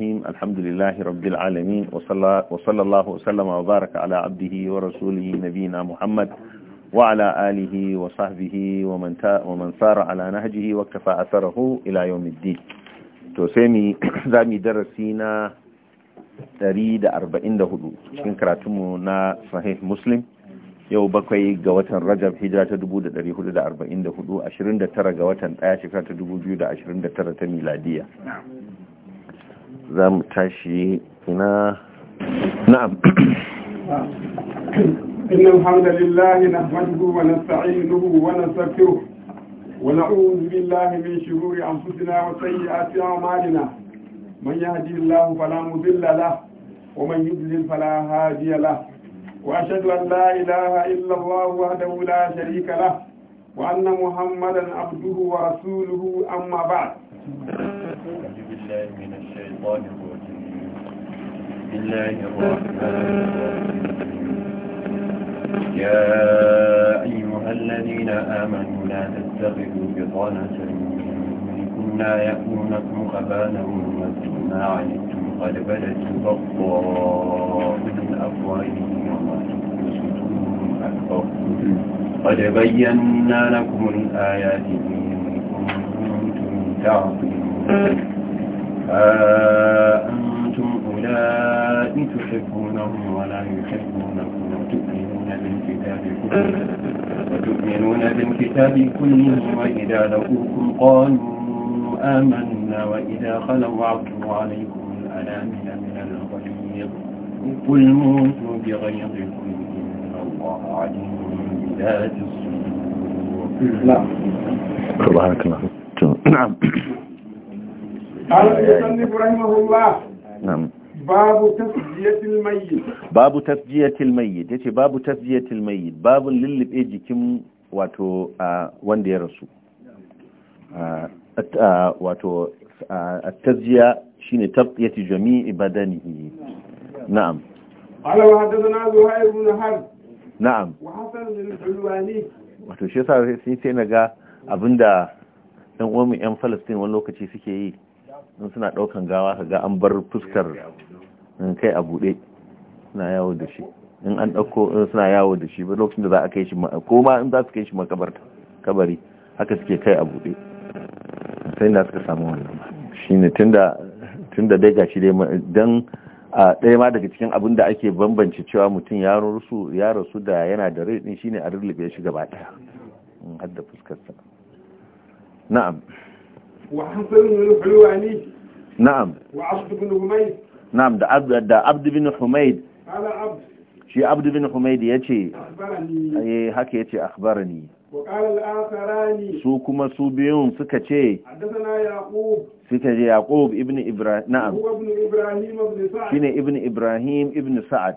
الرحيم الحمد لله رب العالمين وصلى, وصلى الله وسلم وبارك على عبده ورسوله نبينا محمد وعلى آله وصحبه ومن, ومن سار على نهجه واكتفى أثره إلى يوم الدين توسيمي زامي درسينا تريد أربعين دهدو شنكراتمنا صحيح مسلم yau bakwai ga watan rajab hijira ta 1444 29 ga watan daya shekara ta 2029 ta miladiya za mu tashi ina na'am إن الحمد لله نحمده ونستعينه ونستغفره ونعوذ بالله من شرور أنفسنا وسيئات أعمالنا من يهدي الله فلا مضل له ومن يضلل فلا هادي له وأشهد أن لا إله إلا الله وحده لا شريك له وأن محمدا عبده ورسوله أما بعد بالله من الشيطان الرجيم بسم الله الرحمن الرحيم يا أيها الذين آمنوا لا تتخذوا بطانة منكم لا يأمونكم خبانا وما عنتم قد بدت بغضاء من أفواههم وما تكون أكبر قد بينا لكم الآيات إن كنتم تعقلون أنتم أولئك تحبونهم ولا يحبونكم وتؤمنون بالكتاب كله وتؤمنون بالكتاب كله وإذا لقوكم قالوا آمنا وإذا خلوا عضوا عليكم الأنامل من الغليظ قل موتوا بغيظكم إن الله عليم بذات الصدور نعم الله نعم babu tasjiyatil mayyit babu tasjiyatil yace babu tasjiyatil mayyit babu lullube jikin wato wanda ya rasu wato tasjiya shine tabqiyati jami'i badanihi na'am qala wa hadathana zuhair ibn har na'am wa hasan al-hulwani wato shi yasa sai sai naga abinda dan uwan mu yan Palestine wani lokaci suke yi in suna ɗaukan gawa kaga an bar fuskar kai a buɗe suna yawo da shi in an ɗauko suna yawo da shi ba lokacin da za a kai shi ko ma in za su kai shi makabarta kabari haka suke kai a buɗe sai da suka samu wannan shi ne tunda tunda dai gashi dai dan a ɗaya ma daga cikin abin da ake bambance cewa mutum ya rasu ya rusu da yana da rai din shine a rurrufe shi gaba ɗaya har da fuskarsa na'am وحسن الحلواني نعم وعبد بن حميد نعم ده عبد ده عبد بن حميد قال عبد شي عبد بن حميد يجي أخبرني أي هكي يجي أخبرني وقال الآخراني سو كما سو بيون سكتي حدثنا يعقوب سكتي يعقوب ابن إبراهيم نعم هو ابن إبراهيم ابن سعد شين ابن إبراهيم ابن سعد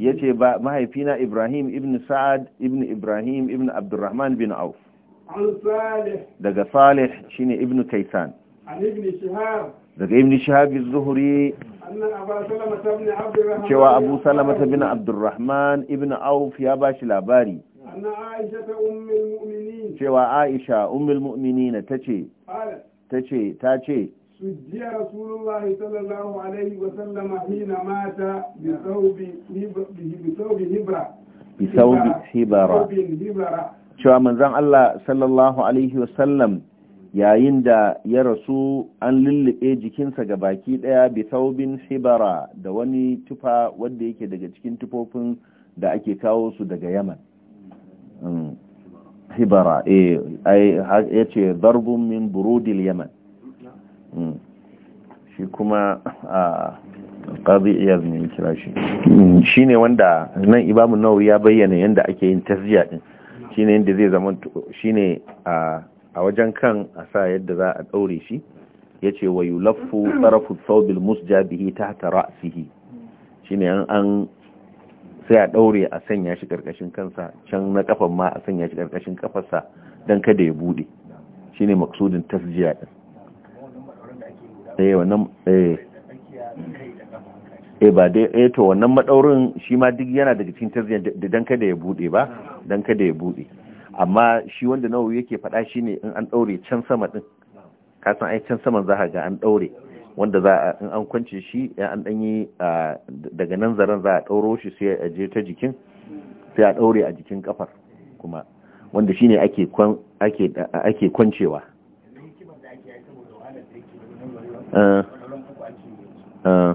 ya ce ba mahaifina ibrahim ibn sa'ad ibn ibrahim ibn abdurrahman bin auf daga salih shine ibnu kaisan daga ibnu shihab az-zuhri cewa abu ta bin abdurrahman ibn auf ya bashi labari cewa aisha ummul mu'minina tace tace tace سجي رسول الله صلى الله عليه وسلم حين مات بثوب بثوب هبرة بثوب هبرة cewa manzan Allah sallallahu alaihi wasallam yayin da ya rasu an lullube jikinsa ga baki daya bi thawbin hibara da wani tufa wanda yake daga cikin tufofin da ake kawo su daga Yaman mm. hibara eh, ya ce darbun min burudil Yaman mm. shi kuma a ƙazi iya ne kira shi mm. ne wanda nan ibamun nawawi ya bayyana yadda ake yin tasjiya din ne yadda zai zama shine a a wajen kan a sa yadda za a daure shi ya yace wa yulaffu tarafu thawbil musja bihi tahta ra'sihi shine an an sai a daure a sanya shi karkashin kansa can na kafan ma a sanya shi karkashin kafarsa don kada ya bude shine maksudin tasjiya ɗin eh, eh. eh ba dai eh to wannan madaurin shi ma duk yana daga cikin tarziya da dan kada ya bude ba dan kada ya bude amma shi wanda nawa yake faɗa shine in an daure can sama din ka san ai can saman za ga an daure wanda za a in an kwance shi an danyi yi daga nan zaren za a dauro shi sai a je ta jikin sai a daure a jikin kafar kuma wanda shine ake kwan ake ake kwancewa Uh, uh.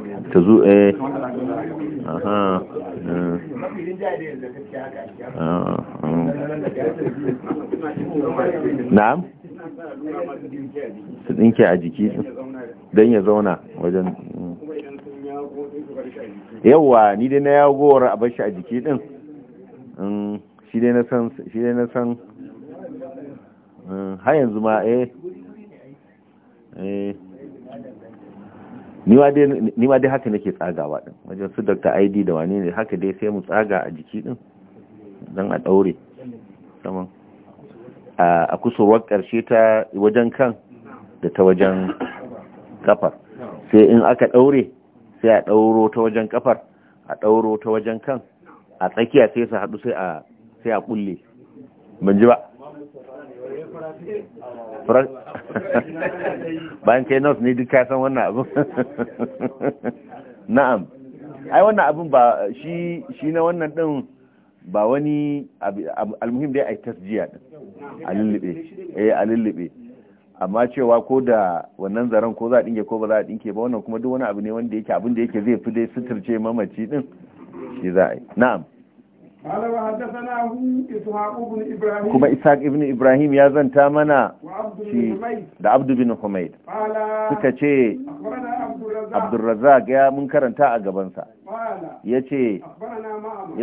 ta zo eh aha eh. na'am su dinke a jiki don ya zauna wajen mm. yawa ni dai na yagowar a bashi a jiki din mm, shi dai na san shi dai na san mm, har yanzu ma eh eh ni ma dai haka nake tsagawa din wajen su dr id da wani ne haka dai sai mu tsaga a jiki ɗin, don a daure saman a kusurwar karshe ta wajen kan da ta wajen kafar sai in aka ɗaure, sai a dauro ta wajen kafar a ɗauro ta wajen kan a tsakiya sai su haɗu sai a kulle ban ji ba bayan kai nos ne duk san wannan abin na'am ai wannan abin ba shi shi na wannan din ba wani almuhim dai a tasjiya din a lullube eh a lullube amma cewa ko da wannan zaren ko za a dinke ko ba za a dinke ba wannan kuma duk wani abu ne wanda yake abin da yake zai fi dai suturce mamaci din shi za a yi na'am kuma وحدثناه إسحاق ibrahim ya zanta mana بن da Abdu bin Humaid suka ce Abdulrazak ya mun karanta a gabansa ya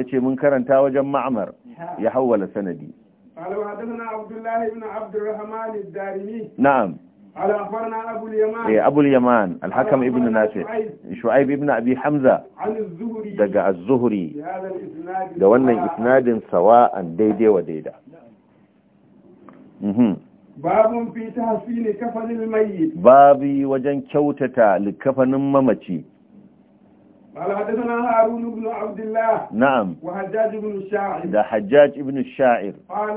ce mun karanta wajen ma'amar ya hawwala sanadi na'am على اخبارنا ابو اليمان ابو الحكم ابن نافع شعيب ابن ابي حمزه دجا الزهري ده wannan isnadin sawa'an daidai wa daida wajen kyautata likafanin mamaci قال حدثنا هارون بن عبد الله نعم وحجاج بن الشاعر ده حجاج بن الشاعر قال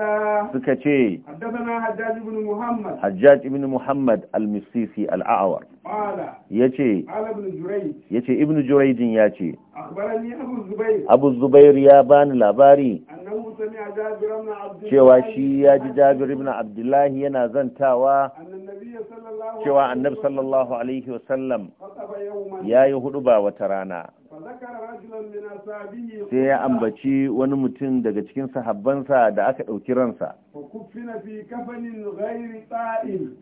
سكتي حدثنا حجاج بن محمد حجاج بن محمد المصيصي الأعور قال يتي قال ابن جريج يتي ابن جريج يتي أخبرني أبو الزبير أبو الزبير يا بان لاباري أنه cewa shi ya ji jabir ibn abdullahi yana zantawa cewa annabi sallallahu alaihi wasallam ya yi hudu ba wata rana sai ya ambaci wani mutum daga cikin sahabbansa da aka ɗauki ransa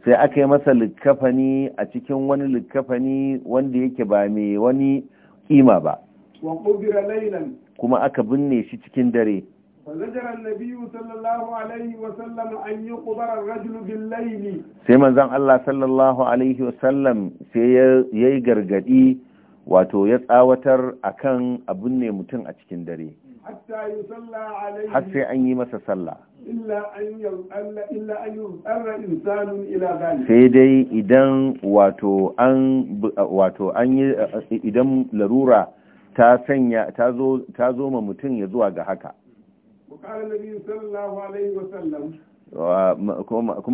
sai aka yi masa likkafani a cikin wani likkafani wanda yake ba mai wani kima ba kuma aka binne shi cikin dare فزجر النبي صلى الله عليه وسلم أن يقبر الرجل بالليل سيما زن الله صلى الله عليه وسلم سيجر قدي wato ya tsawatar akan abin ne mutum a cikin dare har sai an yi masa sallah sai dai idan wato an wato an yi idan larura ta sanya ta zo ma mutum ya zuwa ga haka kuma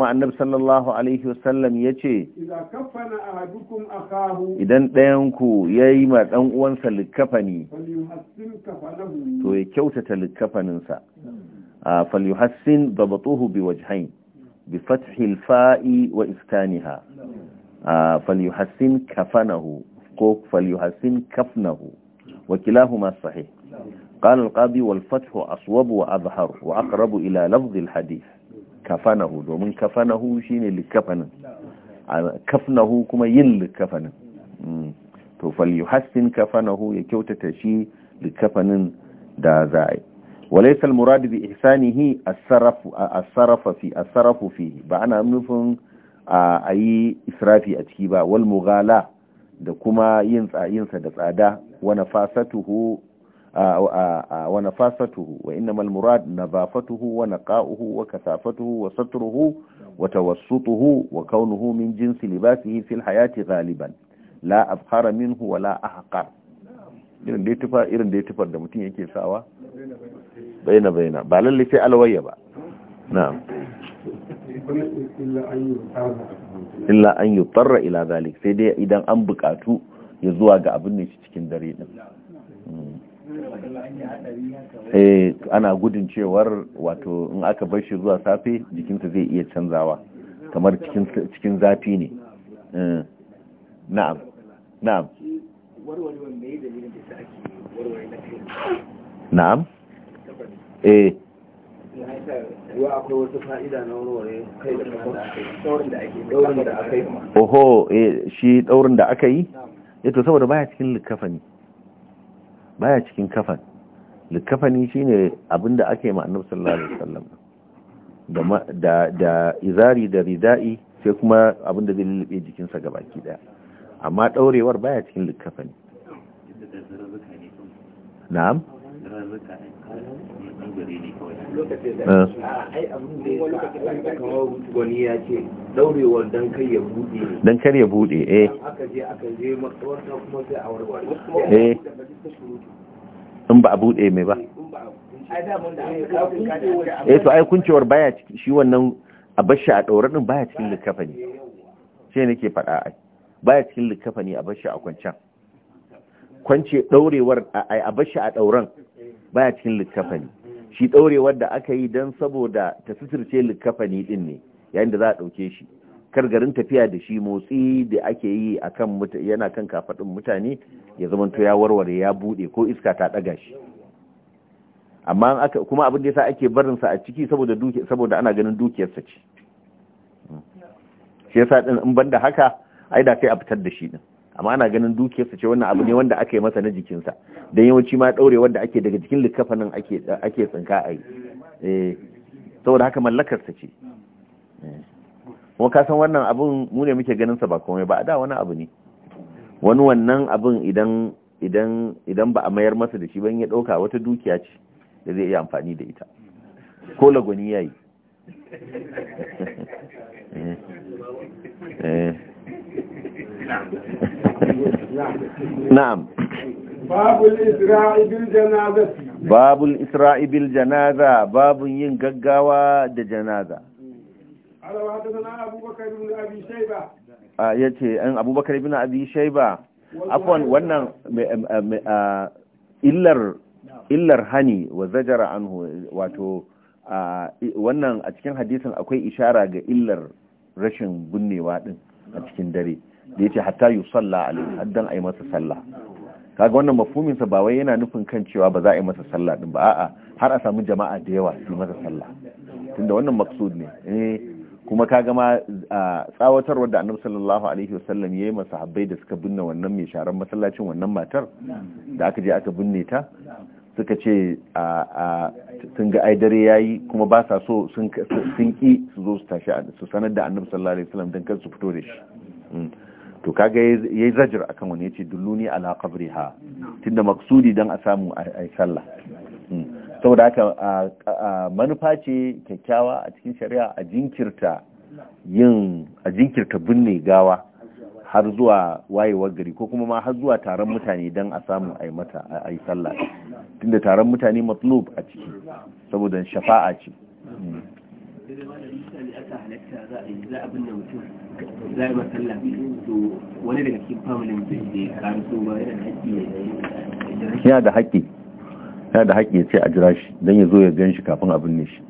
annabi sallallahu alaihi wasallam ya ce idan ɗayanku ya yi ma ɗan uwansa likkafani to ya kyautata likkafaninsa falyuhassin dabatuhu bi wajhain bi fathil fa'i wa iskaniha falyuhassin kafanahu ko falyuhassin kafnahu wakilahu kilahuma sahih قال القاضي والفتح أصوب وأظهر وأقرب إلى لفظ الحديث كفنه ومن كفنه شين لكفن كفنه كما يل كفن فليحسن كفنه يكوتة شي لكفن دا زائد وليس المراد بإحسانه السرف السرف في السرف فيه بعنا نفهم أي إسرافي أتكيبا والمغالاة da kuma yin tsayinsa da tsada wani fasatuhu wa nafasatuhu wa innamal murad nadafatuhu wa naqa'uhu wa kasafatuhu wa satruhu wa tawassutuhu wa kaunuhu min jinsi libasihi fil hayati ghaliban la afkhara minhu wa la ahqar irin da tufa irin da tufar da mutum yake sawa baina baina ba lalle sai alwaya ba na'am illa an yi ila zalik sai dai idan an bukatu ya zuwa ga abin da cikin dare din eh ana gudun cewar wato in aka bar shi zuwa safe jikinsa zai iya canzawa kamar cikin zafi ne eh, na'am na'am na'am eh oho eh, shi daurin da aka yi yato eh, saboda baya cikin likafani baya cikin kafan likafani shine abinda ake ma annabi sallallahu alaihi wasallam da da izari da ridai sai kuma abinda zai lulube jikinsa gabaki daya amma daurewar baya cikin likafani na'am uzuri ne kawai eh. ya ya ce daurewar dan kar ya bude dan kar bude eh aka a warware eh. in ba a bude mai ba eh to ai kuncewar baya cikin shi wannan a bashi a daure baya cikin likafa ne sai nake faɗa a baya cikin likafa ne a bashi a kwancan kwance ɗaurewar a bashi a dauran baya cikin likafa ne shi ɗaurewar da aka yi don saboda ta suturce likafani ɗin ne yayin da za a ɗauke shi kar garin tafiya da shi motsi da ake yi a kan yana kan kafaɗin mutane ya zama to ya warware ya buɗe ko iska ta ɗaga shi amma kuma abin da yasa ake barin sa a ciki saboda saboda ana ganin dukiyarsa ce hmm. shi yasa ɗin in banda haka ai da kai a fitar da shi din amma ana ganin dukiyarsa ce wannan abu ne wanda aka yi masa na jikinsa don yawanci ma ɗaure wanda ake daga jikin nan ake tsinka a yi eh, saboda haka mallakarsa ce eh. kuma ka san wannan abun mu ne muke ganin sa ba komai ba a da wani abu ne wani wannan abun idan idan idan ba a mayar masa da shi ban ya ɗauka wata dukiya ce da zai iya amfani da ita ko lagwani yayi eh, eh. نعم باب isra'i bil باب babul isra'i باب janaza babun yin gaggawa da janaza alawa hadana abubakar ibn abi shayba a yace an abubakar ibn abi shayba afwan wannan illar illar hani wa zajara anhu wato wannan a cikin hadisin akwai ishara ga illar rashin bunnewa din a cikin dare da yace hatta salla alaihi haddan ai masa sallah kaga wannan mafhumin sa ba wai yana nufin kan cewa ba za a yi masa sallah din ba a'a har a samu jama'a da yawa su masa sallah tunda wannan maksud ne eh kuma kaga ma tsawatarwar da annabi sallallahu alaihi wasallam yayi masahabbai da suka binne wannan mai sharan masallacin wannan matar da aka je aka binne ta suka ce sun ga ai dare yayi kuma ba sa so sun ki su zo su tashi su sanar da annabi sallallahu alaihi wasallam dan kar su fito da shi hmm. to kaga yayi zajar akan wani yace dulluni ala qabriha tunda maksudi dan a samu ai sallah hmm. saboda haka manufa ce kyakkyawa a cikin shari'a a jinkirta yin a jinkirta binne gawa har zuwa wayewar gari ko kuma ma har zuwa taron mutane dan a samu ai mata ai sallah tunda taron mutane matlub a ciki saboda shafa'a ce hmm. daddare da haƙƙi ya ce a jira shi don ya zo ya gan shi kafin abin ne shi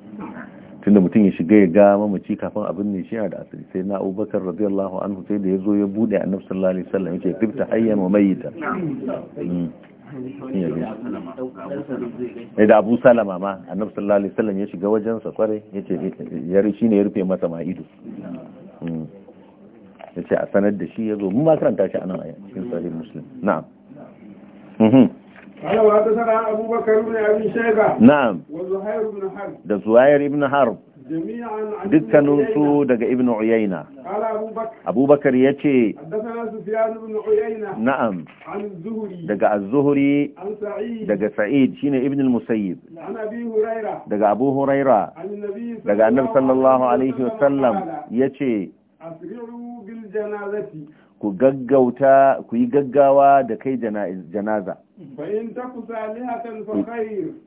tunda mutum ya shiga ya ga mamaci kafin abin ne shi yana da asali sai na abubakar radiyallahu anhu sai da ya zo ya buɗe annabi sallallahu alaihi wasallam ya ce fifta hayyan wa mayyita hmm. Eh, da abu salama ma annabi sallallahu alaihi wasallam ya shiga wajen sa kware yace ya shi ne ya rufe masa ma ido hmm. yace a sanar da shi yazo mun ma karanta shi anan a cikin sahih muslim na'am mhm قال وحدثنا أبو بكر بن أبي شيبة نعم وزهير بن حرب da زهير بن حرب dukkaninsu daga ibn uyayna abubakar ya ce na'am daga az-zuhri daga sa'id shine ibn al-musayyib daga abu huraira daga annab sallallahu alaihi wasallam ya ce ku gaggauta ku yi gaggawa da kai janaza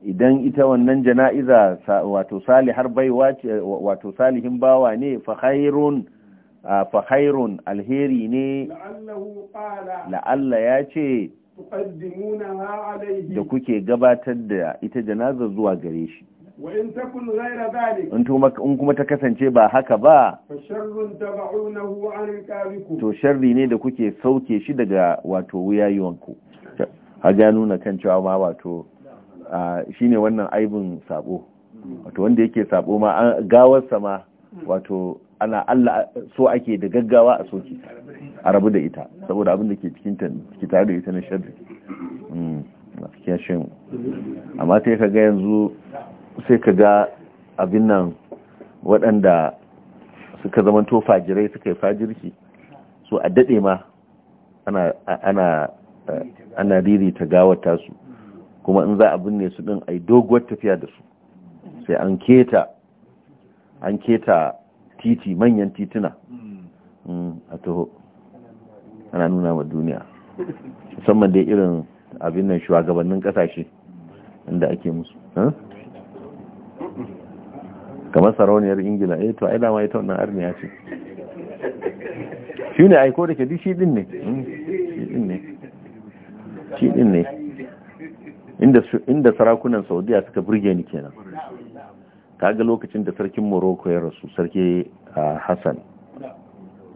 idan ita wannan jana'iza wato salihar baiwa wato salihin bawa ne fa khairun alheri ne la'alla ya ce da kuke gabatar da ita janaza zuwa gare shi in kuma ta kasance ba haka ba to sharri ne da kuke sauke shi daga wato wuyayenku har ya nuna kan cewa ma wato shi ne wannan aibin sabo wato wanda yake sabo ma gawarsa ma wato ana Allah so ake da gaggawa a soki a rabu da ita saboda abin da ke cikin ta ke tare da ita na sharri hmm, gaskiya shin amma sai ka ga yanzu sai ka ga abin nan waɗanda suka zama to fajirai suka yi fajirki so a daɗe ma ana eh, ana ririta gawata su kuma in za a binne su din ai doguwar tafiya da su sai an keta an keta titi manyan tituna mm, a taho ana nuna wa duniya musamman dai irin abin nan shugabannin kasashe inda ake musu kamar sarauniyar ingila eh to ai dama ita wannan arniya ce shi ne aiko da ke dishi shi din ne mm. shi din ne inda sarakunan saudiya suka burge ni kenan kaga lokacin da sarkin morocco ya rasu sarki hassan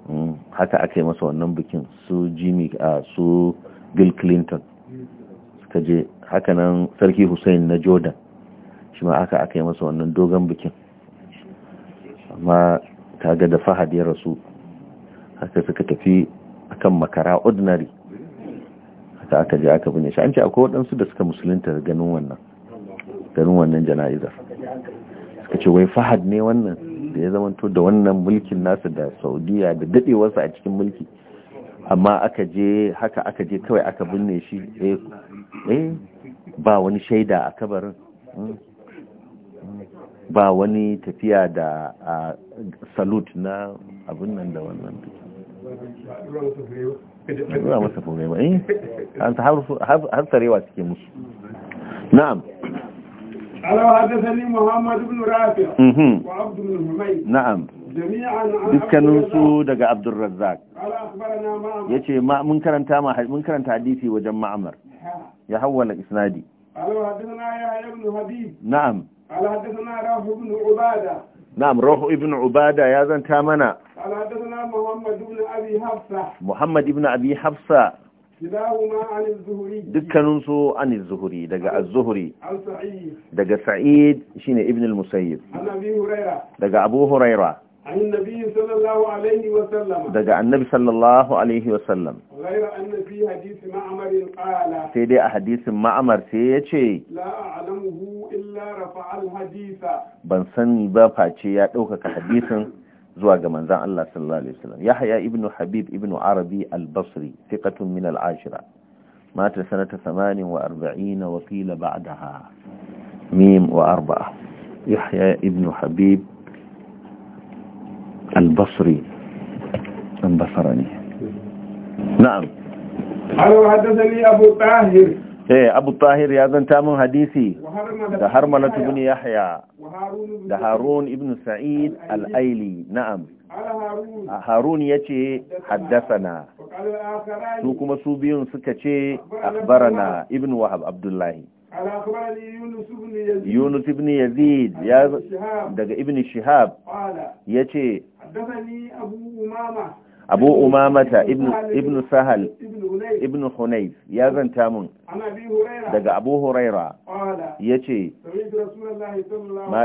mm, haka aka yi masa wannan bikin su jimmy su bill clinton suka je hakanan sarki hussein na jordan shi ma aka aka yi masa wannan dogon bikin amma kaga da fahad ya rasu haka suka tafi akan makara ordinary sa aka je aka binne shi an ce akwai waɗansu da suka musulunta ganin wannan ganin wannan jana'izar suka ce wai fahad ne wannan da ya zamanto da wannan mulkin nasa da saudiya da daɗewarsa a cikin mulki amma aka je haka aka je kawai aka binne shi eh, eh ba wani shaida a kabarin hmm, hmm, ba wani tafiya da salut na abin nan da wannan ba eh? na'am mhm. na'am dukkanin su daga abdul razzaq yace ma mun karanta ma hadisi wajen ma'amar ya hawwala isnadi alaw hadathana ya ibn habib na'am alaw hadathana rafi ibn ubada نعم روح ابن عبادة يا ذن تامنا قال حدثنا محمد بن أبي حفصة محمد بن أبي حفصة كلاهما عن الزهري دكنونسو عن الزهري دقى الزهري عن سعيد دقى سعيد شين ابن المسيب عن أبي هريرة دقى أبو هريرة عن النبي صلى الله عليه sai دقى النبي صلى الله Sai ya غير hadisin في حديث معمر قال سيدي حديث zuwa ga manzan Allah sallallahu Alaihi wasallam Yahya ibn Habib ibn Arabi al-Basri fiƙatun min al-ashira mata sanata samanin wa qila ba'daha mim wa arba'a Yahya ibn Habib البصري انبصرني نعم قالوا حدثني أبو طاهر eh abu tahir ya zanta min hadisi da harmalatu ibn yahya da harun ibn sa'id al-aili na'am harun yace haddathana su kuma su biyun suka ce akhbarana ibn wahab abdullahi Yunus ibn Yazid ya daga ibn Shihab ya Abu Umamata ibn Sahal ibn Hunayf ya zanta mun daga Abu Huraira ya ce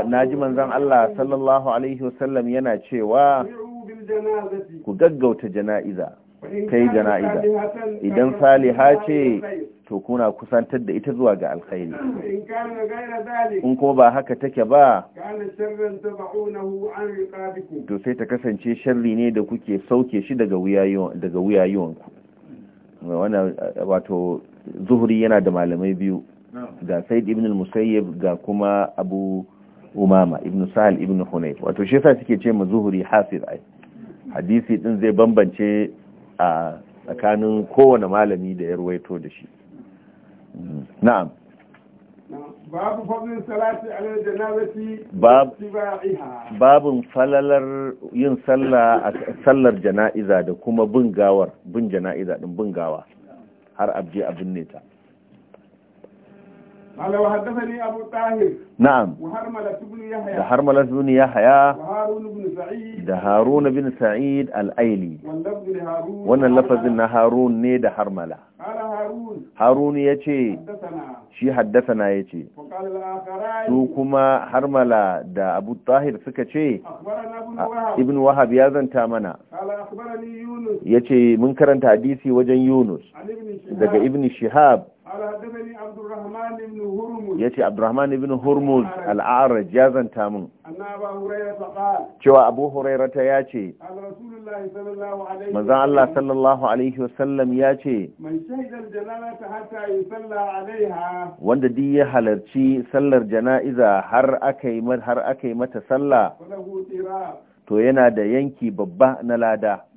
na ji manzan Allah sallallahu Alaihi wasallam yana cewa ku gaggauta jana'iza kai jana'iza idan saliha ce to kuna kusantar da ita zuwa ga alkhairi in ko ba haka take ba to sai ta kasance sharri ne da kuke sauke shi daga wannan wato zuhuri yana da malamai biyu ga said ibn musayyib ga kuma abu umama ibn sahal ibn hunayf wato shi yasa suke ce ma zuhuri hafiz ai hadisi din zai bambance a tsakanin kowane malami da ya ruwaito da shi na'am babu fadlin salati ala babun falalar yin sallah sallar jana'iza da kuma bin gawar bin jana'iza din bin gawa har abje abin ne ta قال وحدثني أبو طاهر نعم وهرملة بن يحيى هرملة بن يحيى وهارون بن سعيد ده هارون بن سعيد الأيلي واللفظ لهارون وانا اللفظ ان هارون ني ده هرملة قال هارون هارون يتي حدثنا شي حدثنا يتي وقال الآخران سو كما هرملة ده أبو الطاهر سكتي أخبرنا ابن وهب ابن وهب تامنا قال أخبرني يونس يتي من كرنت حديثي وجن يونس عن ابن شهاب ابن شهاب ya ce abdurrahman ibn hormuz al'arar zanta min cewa abu hurairata ya ce manzan Allah sallallahu alaihi wasallam ya ce wanda di ya halarci sallar jana'iza har aka yi mata sallah to yana da yanki babba na lada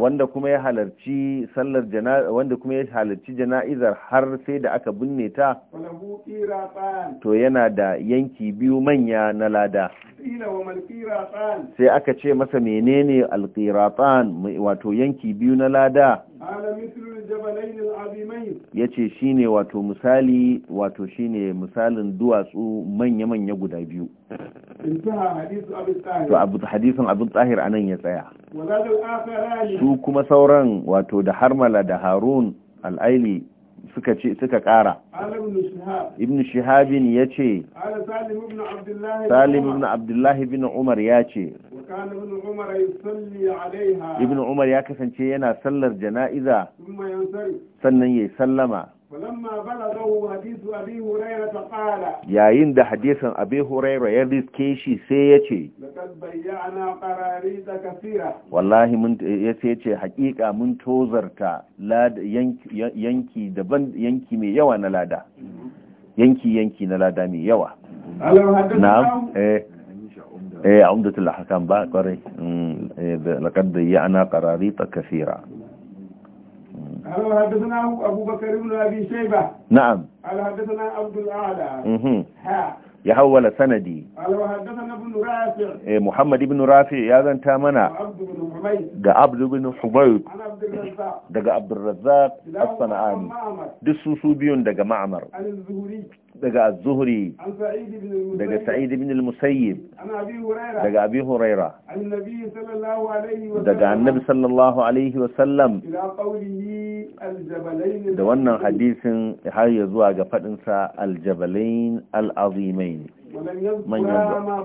wanda kuma ya halarci sallar jana'iza wanda kuma ya halarci jana'izar har sai da aka binne ta to yana da yanki biyu manya na lada sai aka ce masa menene alqiratan wato yanki biyu na lada ya ce shi ne wato misali wato shi ne misalin duwatsu manya-manya guda biyu to hadisin abin tsahir a nan sauran ya tsaya su kuma sauran wato da harmala da harun al'aili suka ce suka kara ibn shihabin ya ce salim ibn abdullahi bin umar ya ce ibn umar ya kasance yana sallar jana'iza sannan ya sallama yayin da hadisan abu huraira ya riske shi sai ya ce wallahi ya sai ce hakika mun tozarta yanki daban yanki mai yawa na lada yanki yanki na lada mai yawa na'am eh eh a umdatul hakan ba kwarai mm, eh, laqad ana qararita kathira قال حدثنا أبو بكر بن أبي شيبة نعم قال حدثنا عبد الأعلى ya hawwala sanadi Muhammad ibn Rafi ya zanta mana ga Abdu ibn Hubayb daga Abdurrazzaq as-Sana'ani duk su biyun daga Ma'mar daga az-zuhri daga sa'id ibn al-musayyib daga abi huraira daga annabi sallallahu alaihi wa sallam da wannan hadisin har ya zuwa ga fadin sa al-jabalain al-azimain manyan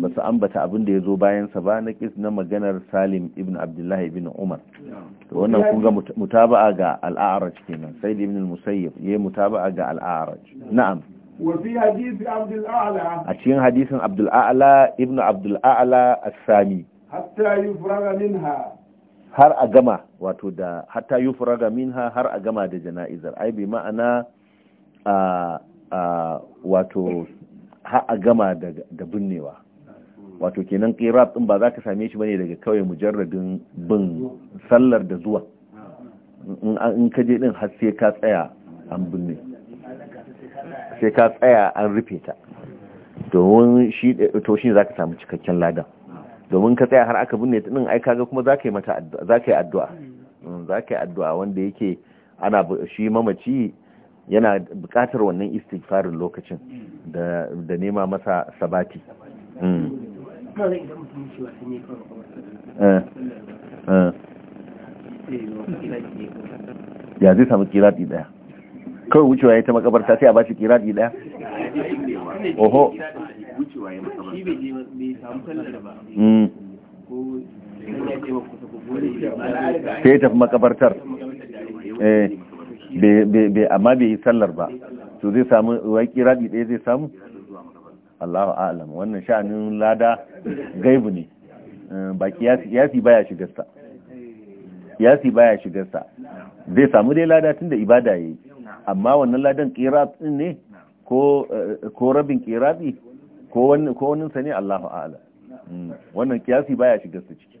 ba su ambata abin da ya zo bayansa ba na kis na maganar salim ibn abdullahi ibn umar to wannan kun ga mutaba'a ga al'araj kenan sai da ibn musayyib ya yi mutaba'a ga al'araj na'am a cikin hadisin abdul ibn abdul a'la sami har a gama wato da hatta yufraga minha har a gama da jana'izar ai bi ma'ana a wato har a gama da binnewa wato kenan qirab din ba za ka same shi bane daga kawai mujarradin bin sallar da zuwa in ka je din har sai ka tsaya an binne sai ka tsaya an rufe ta domin shi to shi zaka samu cikakken lada domin ka tsaya har aka binne ta din ai kaga kuma zaka yi mata zaka yi addu'a mm, zaka yi addu'a wanda yake ana shi mamaci yana buƙatar wannan istighfarin lokacin da nema masa sabati hmm. eh, eh. ya zai samu ɗi ɗaya? kawai wucewa ya ta makabarta sai a ba shi ɗi ɗaya? oho hmm. sai ya tafi makabartar eh amma bai yi sallar ba to zai samu waƙi rabi ɗaya zai samu Allahu a'lam wannan sha'anin lada gaibu ne eh, ba kiyasi baya shigarsa kiyasi baya shigarsa zai samu dai lada tunda ibada yayi amma wannan ladan qirat din ne ko eh, ko rabin qirati ko wani ko wani sani Allahu a'lam hmm. wannan kiyasi baya shigarsa ciki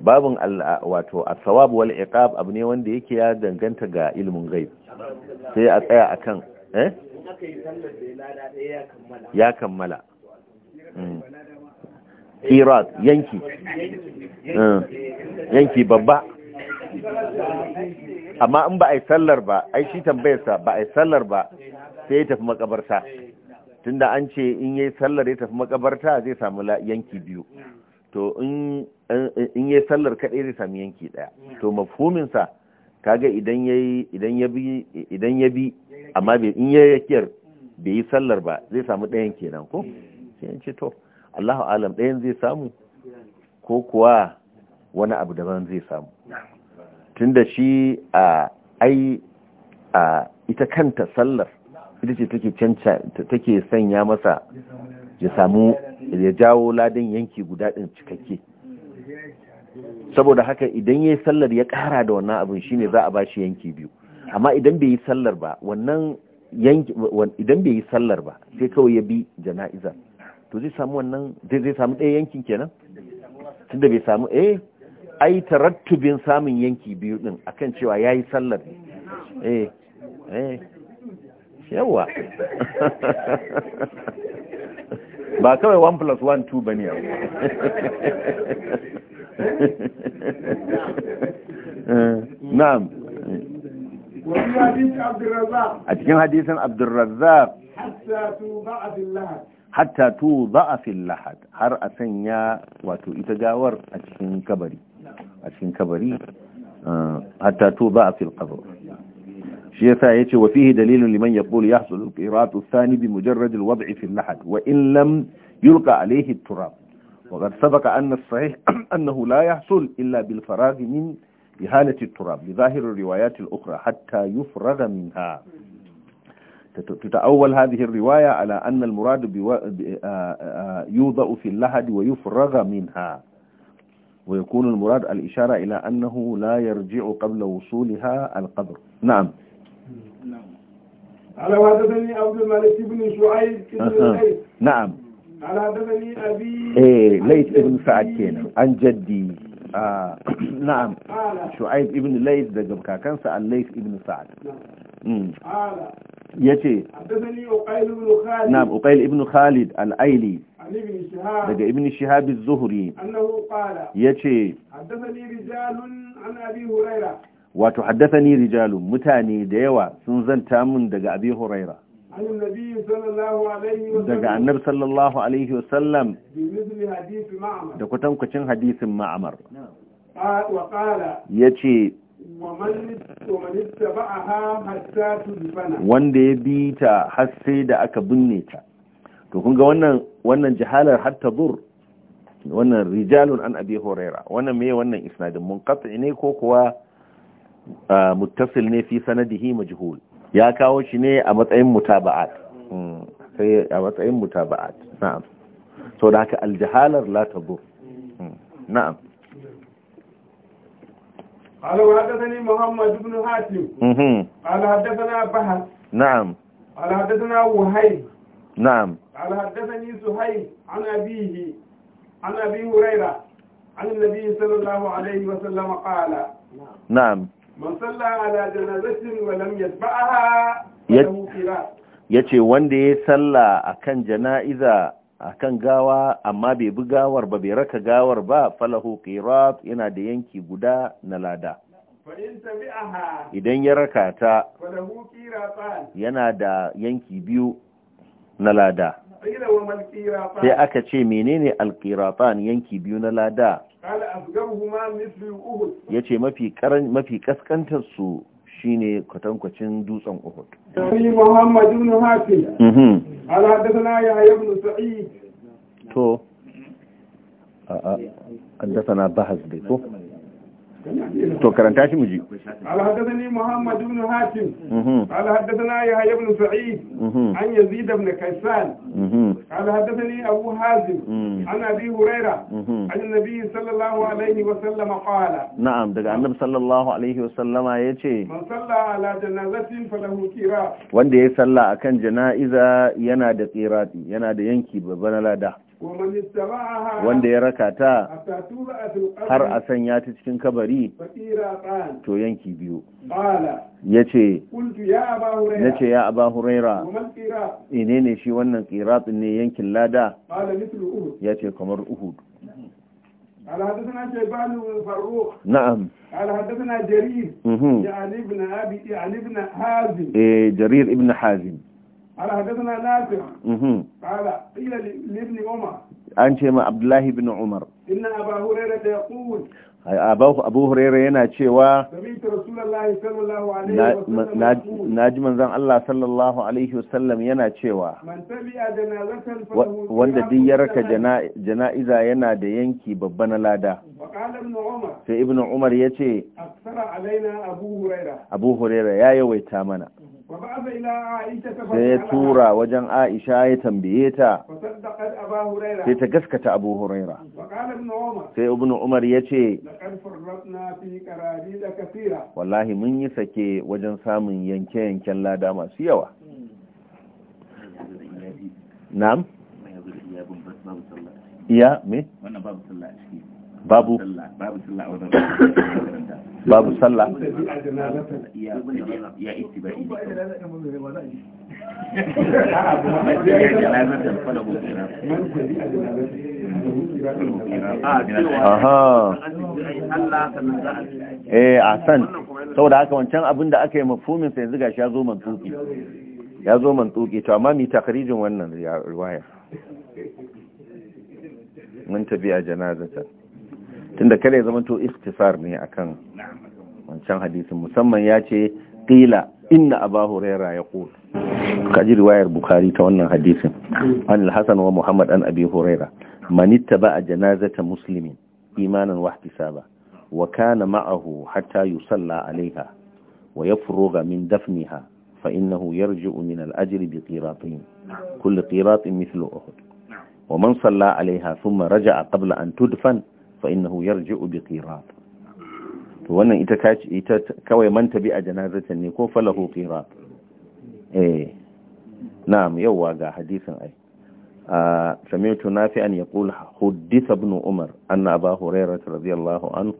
babin wato al sawabu wal iqab abu ne wanda yake ya danganta ga ilmin ghaib sai a tsaya akan eh ya kammala hmm. irad yanki hmm. yanki babba amma in ba a yi sallar ba ai shi tambayarsa ba a yi sallar ba sai ya tafi makabarta tunda an ce in yi sallar ya tafi makabarta zai samu yanki biyu to in ya sallar kaɗai zai sami yanki ɗaya to mafhuminsa kaga idan ya idan bi amma in ya yakiyar bai yi sallar ba zai samu ɗayan kenan ko sai ce to Allahu alam ɗayan zai samu ko kuwa wani abu daban zai samu tunda shi a ai a ita kanta sallar ita ce take sanya masa ya samu ya jawo ladan yanki guda ɗin cikakke saboda haka idan ya yi sallar ya ƙara da wannan abin shine za a bashi yanki biyu amma idan bai yi sallar ba wannan yanki idan bai yi sallar ba sai kawai ya bi jana'iza to zai samu wannan zai samu ɗaya yankin kenan tunda bai samu eh ai tarattubin samun yanki biyu din akan cewa ya yi sallar eh eh yawa ba kawai 1 plus 1 2 ba ne eh, na'am a cikin hadisin abdurrazzaq hatta tu za'a fil lahad har a sanya wato ita gawar a cikin kabari a cikin kabari eh, hatta tu za'a fil qabr شيخ وفيه دليل لمن يقول يحصل القيراط الثاني بمجرد الوضع في النحل وان لم يلقى عليه التراب وقد سبق ان الصحيح انه لا يحصل الا بالفراغ من إهالة التراب لظاهر الروايات الاخرى حتى يفرغ منها تتأول هذه الرواية على أن المراد آه، آه، آه، يوضع في اللحد ويفرغ منها ويكون المراد الإشارة إلى أنه لا يرجع قبل وصولها القبر نعم قال وحدثني عبد الملك بن شعيب بن قيس نعم قال حدثني أبي إيه ليث بن سعد كينا عن جدي آه نعم شعيب ابن ليث ده جبكا كان سأل ليث ابن سعد نعم قال يتي حدثني أقيل بن خالد نعم أقيل ابن خالد الأيلي daga ibn shihab az-zuhri annahu qala yace haddathani rijalun an abi hurairah wato haddathani rijalu mutane da yawa sun zanta mun daga abi huraira daga annabi sallallahu alaihi wa sallam da kutankucin hadisin ma'amar ya ce wanda ya bi ta har sai da aka binne ta to kun ga wannan wannan jahalar hatta bur wannan rijalun an abi huraira wannan me wannan isnadin munqati ne ko kuwa muttasil ne fi sanadihi majhul ya kawo shi ne a matsayin mutaba'at sai a matsayin mutaba'at na'am sau da haka aljahalar la tadur na'am قال وحدثني محمد بن حاتم قال حدثنا بحر نعم قال حدثنا وهيب نعم قال حدثني سهيل عن أبيه عن أبي هريرة عن النبي صلى الله عليه وسلم قال نعم man salla ala janazatin wa lam yatba'aha yace wanda ya salla akan jana'iza akan gawa amma bai bi gawar ba bai raka gawar ba falahu qirat yana da yanki guda na lada idan ya raka ta yana da yanki biyu na lada sai aka ce menene alqiratan yanki biyu na lada ya ce mafi kaskantar su shine kwatankwacin dutsen uhud sai mhm. to a a hadathana bahaz dai ko to karanta shi muji alhaddathani muhammad ibn hatim alhaddathana yahya ibn sa'id an yazid ibn kaysan alhaddathani abu hazim an abi huraira an nabi sallallahu alaihi wa sallama qala na'am daga annabi sallallahu alaihi wa sallama yace man salla ala janazatin falahu qira wanda ya salla akan jana'iza yana da qirati yana da yanki babban lada wanda ya raka ta har a sanya ta cikin kabari to yanki biyu ya ce ya ce ya aba huraira ine ne shi wannan tsiratsin ne yankin lada ya ce kamar uhud na'am. حدثنا شيبان بن فروخ نعم قال حدثنا نافع قال قيل لابن عمر an ce ma abdullahi bin umar abu huraira yana cewa na ji manzan Allah sallallahu alaihi wasallam yana cewa wanda duk yarka jana'iza yana da yanki babba na lada sai ibn umar ya ce abu huraira ya yawaita mana sai ya tura wajen aisha ya tambaye ta sai ta gaskata abu huraira sai ibn umar ya ce wallahi mun yi sake wajen samun yanke-yanken lada masu yawa na'am iya me babu sallah babu sallah a wajen babu sallah eh a san saboda haka wancan abin da aka yi mafumin sai yanzu shi ya zo mantuki ya zo mantuki to amma mi takarijin wannan riwaya mun tafi a janazatan tunda kada ya zama to istisar ne akan wancan hadisin musamman ya ce qila inna aba huraira yaqul kaji riwayar bukhari ta wannan hadisin an al-hasan wa muhammad an abi huraira man ittaba janazata muslimin imanan wa ihtisaba wa kana ma'ahu hatta yusalla alaiha wa yafruga min dafniha fa innahu yarji'u min al-ajri bi qiratin kullu qiratin mithlu uhud wa man salla sun thumma raja'a qabla an tudfan fa innahu yarji'u bi qirat to wannan ita kaci ita kawai man tabi a janazatan ne ko falahu qirat eh na'am yawa ga hadisin ai سمعت نافعا يقول حدث ابن عمر أن أبا هريرة رضي الله عنه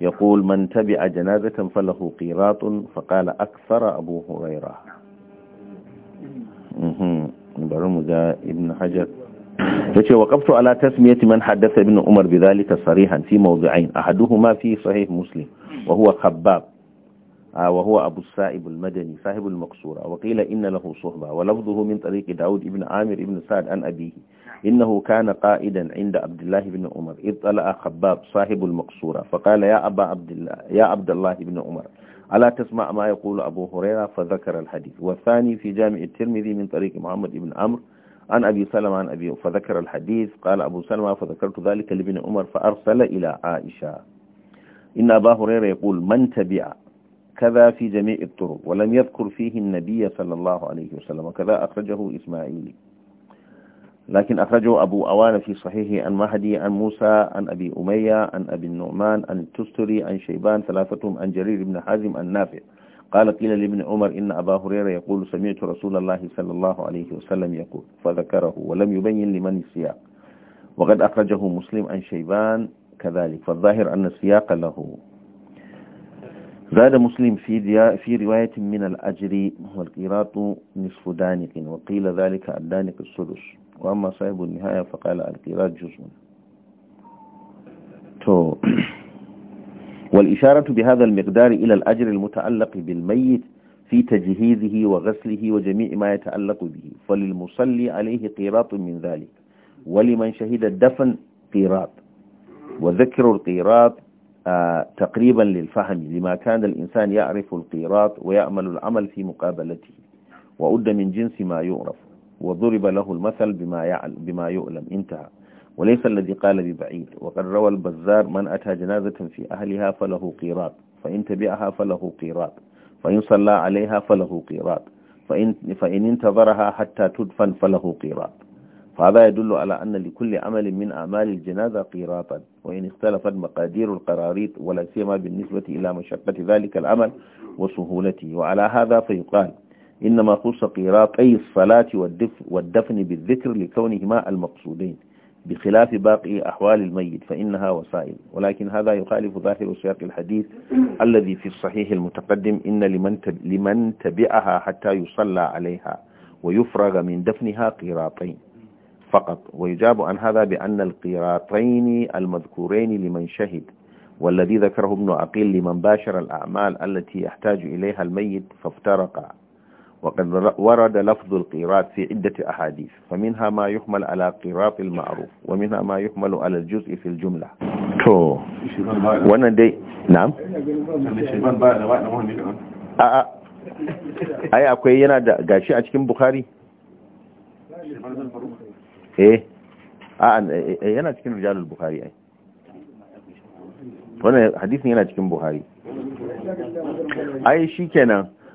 يقول من تبع جنازة aksara قيراط فقال أكثر أبو هريرة برمجة ابن حجر yace waqaftu ala tasmiyati man haddatha ibn umar bidhalika sarihan fi mawdu'ain ahaduhuma fi sahih muslim wa huwa khabbab wa huwa abu sa'ib al-madani sahib al-maqsura wa qila inna lahu suhba wa lafdhuhu min tariq daud ibn amir ibn sa'd an abihi innahu kana qa'idan 'inda abdullah ibn umar ittala khabbab sahib al-maqsura fa qala ya aba abdullah ya abdullah ibn umar ألا تسمع ما يقول أبو هريرة فذكر الحديث والثاني في جامع الترمذي من طريق محمد بن عمرو عن أبي سلمة عن أبي فذكر الحديث قال أبو سلمة فذكرت ذلك لابن عمر فأرسل إلى عائشة إن أبا هريرة يقول من تبع كذا في جميع الطرق ولم يذكر فيه النبي صلى الله عليه وسلم كذا أخرجه إسماعيل لكن أخرجه أبو أوان في صحيحه عن مهدي عن موسى عن أبي أمية عن أبي النعمان عن التستري عن شيبان ثلاثتهم عن جرير بن حازم عن نافع قال قيل لابن عمر إن أبا هريرة يقول سمعت رسول الله صلى الله عليه وسلم يقول فذكره ولم يبين لمن السياق وقد أخرجه مسلم عن شيبان كذلك فالظاهر أن السياق له زاد مسلم في في رواية من الأجر والقيراط نصف دانق وقيل ذلك الدانق السدس وأما صاحب النهاية فقال القيراط جزء تو والإشارة بهذا المقدار إلى الأجر المتعلق بالميت في تجهيزه وغسله وجميع ما يتعلق به فللمصلي عليه قيراط من ذلك ولمن شهد الدفن قيراط وذكر القيراط آه تقريبا للفهم لما كان الإنسان يعرف القيراط ويعمل العمل في مقابلته وأد من جنس ما يعرف وضرب له المثل بما, يعلم بما يؤلم انتهى وليس الذي قال ببعيد وقد روى البزار من أتى جنازة في أهلها فله قيراط فإن تبعها فله قيراط فإن صلى عليها فله قيراط فإن, فإن انتظرها حتى تدفن فله قيراط فهذا يدل على أن لكل عمل من أعمال الجنازة قيراطا وإن اختلفت مقادير القراريط ولا سيما بالنسبة إلى مشقة ذلك العمل وسهولته وعلى هذا فيقال إنما خص قيراط أي الصلاة والدفن بالذكر لكونهما المقصودين بخلاف باقي أحوال الميت فإنها وسائل ولكن هذا يخالف ظاهر سياق الحديث الذي في الصحيح المتقدم إن لمن, تب لمن تبعها حتى يصلى عليها ويفرغ من دفنها قيراطين فقط ويجاب عن هذا بأن القيراطين المذكورين لمن شهد والذي ذكره ابن عقيل لمن باشر الأعمال التي يحتاج إليها الميت فافترقا وقد ورد لفظ القيراط في عدة أحاديث فمنها ما يحمل على قيراط المعروف ومنها ما يحمل على الجزء في الجملة تو وانا دي نعم آه، آه. اي اكوي إيه، ينا دا غاشي ا cikin بخاري ايه اه إيه، إيه، ينا cikin رجال البخاري اي وانا حديثي ينا cikin بخاري اي شيكنا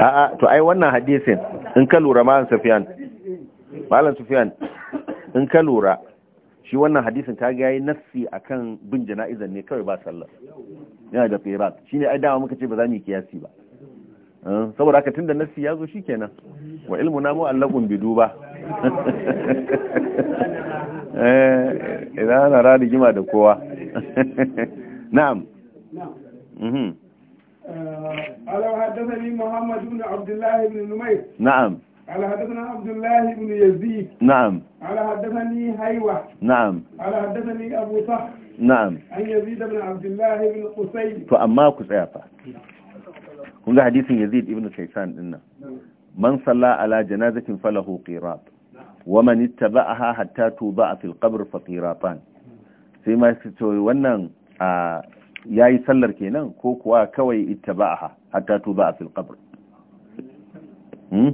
a'a to ai wannan hadisin in ka lura malam Sufyan malam Sufyan in ka lura shi wannan hadisin ta ga yayi nassi akan bin jana'izan ne kawai ba sallah yana da firat shine ai dama muka ce ba za mu kiyasi ba eh, saboda haka tunda nassi ya zo shikenan wa ilmu na mu'allaqun bi duba eh idan ana rada gima da kowa na'am قال وحدثني محمد بن عبد الله بن نمير نعم قال حدثنا عبد الله بن يزيد نعم قال حدثني هيوة نعم قال حدثني أبو صخر نعم عن يزيد بن عبد الله بن قسي فأما قسي kun ga hadisin Yazid ibn Saisan dinnan man salla ala janazatin falahu qirat wa man ittaba'aha hatta tuba'a fil qabr fa qiratan sai ma su to wannan ya yi sallar kenan ko kuwa kawai hata to ba a fil qabr hmm?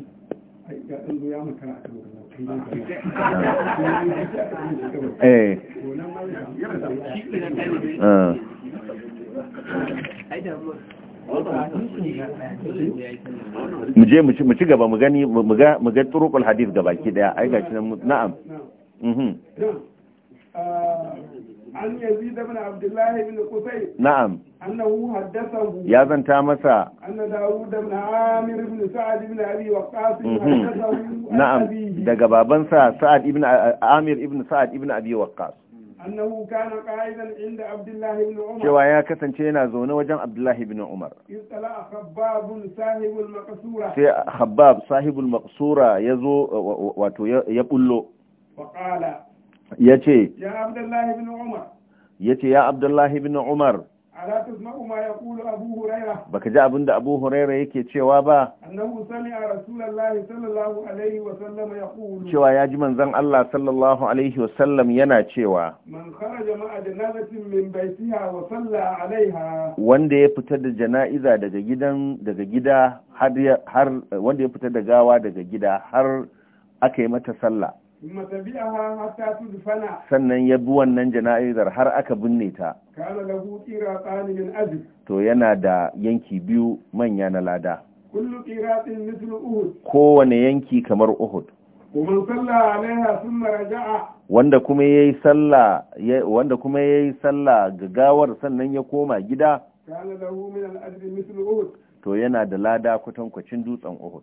eh ah. mu je mu ci gaba mu gani mu ga turukul hadith gabaki daya ai gashi na'am hmm, hmm. an yazid ibn Abdullahi bin Kusai. na'am annahu haddathahu ya zanta masa anna daud ibn amir bin Sa'ad ibn abi waqqas mhm. na'am daga babansa sa'ad ibn amir ibn sa'ad ibn abi waqqas annahu kana qa'idan inda Abdullahi bin umar cewa ya kasance yana zaune wajen Abdullahi bin umar istala khabbab sahibul maqsura sai khabbab sahibul maqsura yazo wato ya bullo faqala ya ce ya ce ya abdullahi bin umar baka ji abin da abu huraira yake cewa ba cewa ya ji manzan Allah sallallahu alaihi wasallam yana cewa wanda ya fita da jana'iza daga gidan daga gida har wanda ya fita da gawa daga gida har aka yi mata sallah sannan ya bi wannan jana'izar har aka binne ta to yana da yanki biyu manya na lada kowane yanki kamar uhud wanda kuma ya yi sallah wanda kuma ya sallah ga gawar sannan ya koma gida to yana da lada kwatankwacin dutsen uhud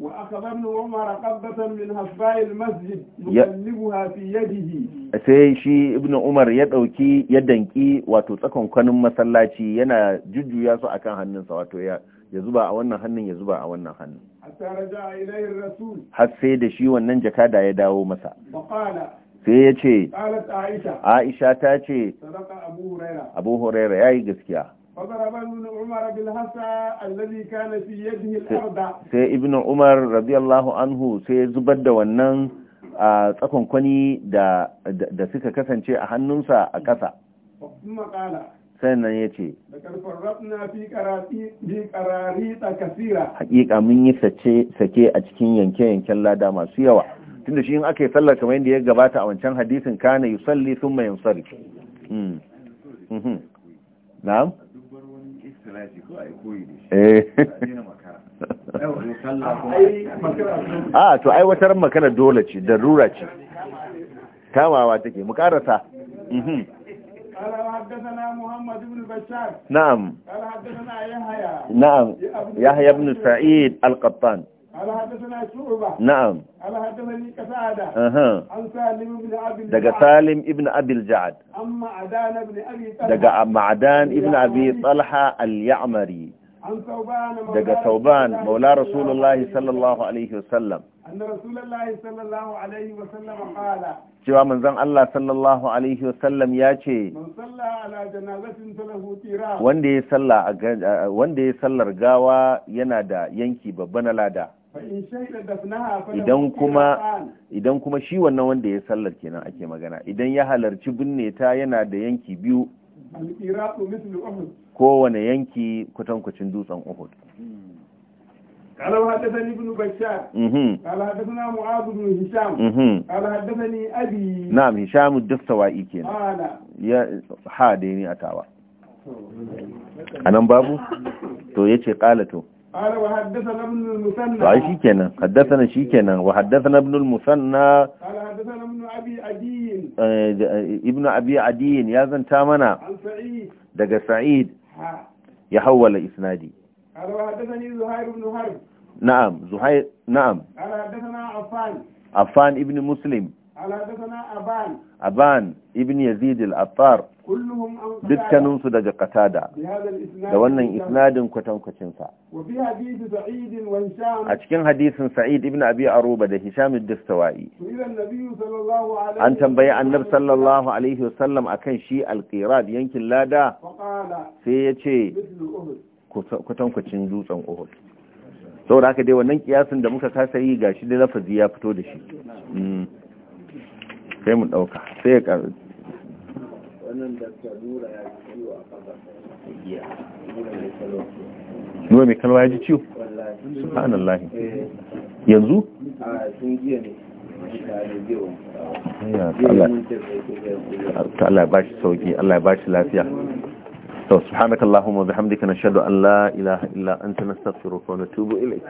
وأخذ ابن عمر قبة من أصباع المسجد يقلبها في يده sai shi ibnu umar ya ɗauki ya danki wato kwanin masallaci yana jujjuya su akan hannunsa wato ya zuba a wannan hannun ya zuba a wannan hannun har sai da shi wannan jakada ya dawo masa sai ya ce aisha ta ce abu huraira ya yi gaskiya sai Ibn Umar بالهسى anhu sai في zubar da wannan ابن a tsakonkwani da suka kasance a hannunsa a ƙasa sannan ya ce haƙiƙa mun yi sake a cikin yanke-yanken lada masu yawa tunda shi in aka yi sallar kamar yadda ya gabata a wancan hadisin kana yusalli sun mai yunsari a to aiwatar makana dole ce darura ce kamawa take mu karasa قال حدثنا محمد بن بشار نعم قال حدثنا يحيى نعم يحيى بن سعيد القطان نعم دقا سالم ابن أبي الجعد دقا معدان ابن أبي طلحة اليعمري دقا ثوبان مولا رسول الله صلى cewa rasulullahi Allah sallallahu ya ce wanda ya sallar gawa yana da yanki babban lada. idan kuma idan kuma shi wannan wanda ya sallar kenan ake magana idan ya halarci binne ta yana da yanki biyu kowane yanki kutankucin dutsen uhud قال حدثني ابن بشار قال حدثنا معاذ بن هشام قال حدثني ابي نعم هشام الدستوائي كان قال يا حاديني اتاوا انا بابو تو يتي qala to قال وحدثنا ابن المثنى اي شيكنا حدثنا شيكنا وحدثنا ابن المثنى قال حدثنا ابن ابي عدي ابن ابي عدي يا زنتا منا عن سعيد daga سعيد ya hawwala isnadi قال وحدثني زهير بن حرب نعم زهير نعم قال حدثنا عفان عفان ابن مسلم أبان ابن يزيد الأطار كلهم سدج قتادة دوانا إسناد كتن كتن سا وفي حديث سعيد وهشام أتكين حديث سعيد ابن أبي أروبة ده هشام الدستوائي النبي صلى الله عليه وسلم أن تنبيع النبي صلى الله عليه وسلم أكن شيء القيراد ينكن لا دا فقال سيتي كتن كتن دوس أن أهل saboda كده dai wannan kiyasin da muka kasa yi gashi da sai mu ɗauka sai ya ƙarfi nuna mai kalwa ya ji ciwo subhanallah eh. yanzu Allah ba shi sauki Allah ba shi lafiya to subhanakallahumma bihamdika nashhadu an la ilaha illa anta nastaghfiruka wa natubu ilayk